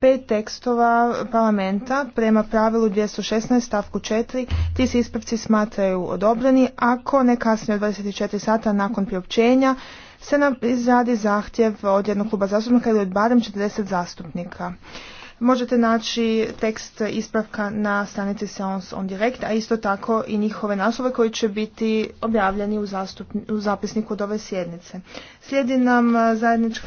pet tekstova parlamenta prema pravilu 216 stavku 4 ti se ispravci smatraju odobreni ako ne kasnije od 24 sata nakon priopćenja se nam izradi zahtjev od jednog kluba zastupnika ili od barem 40 zastupnika. Možete naći tekst ispravka na stranici Seance on Direct, a isto tako i njihove naslove koji će biti objavljeni u, u zapisniku od ove sjednice. Slijedi nam zajednička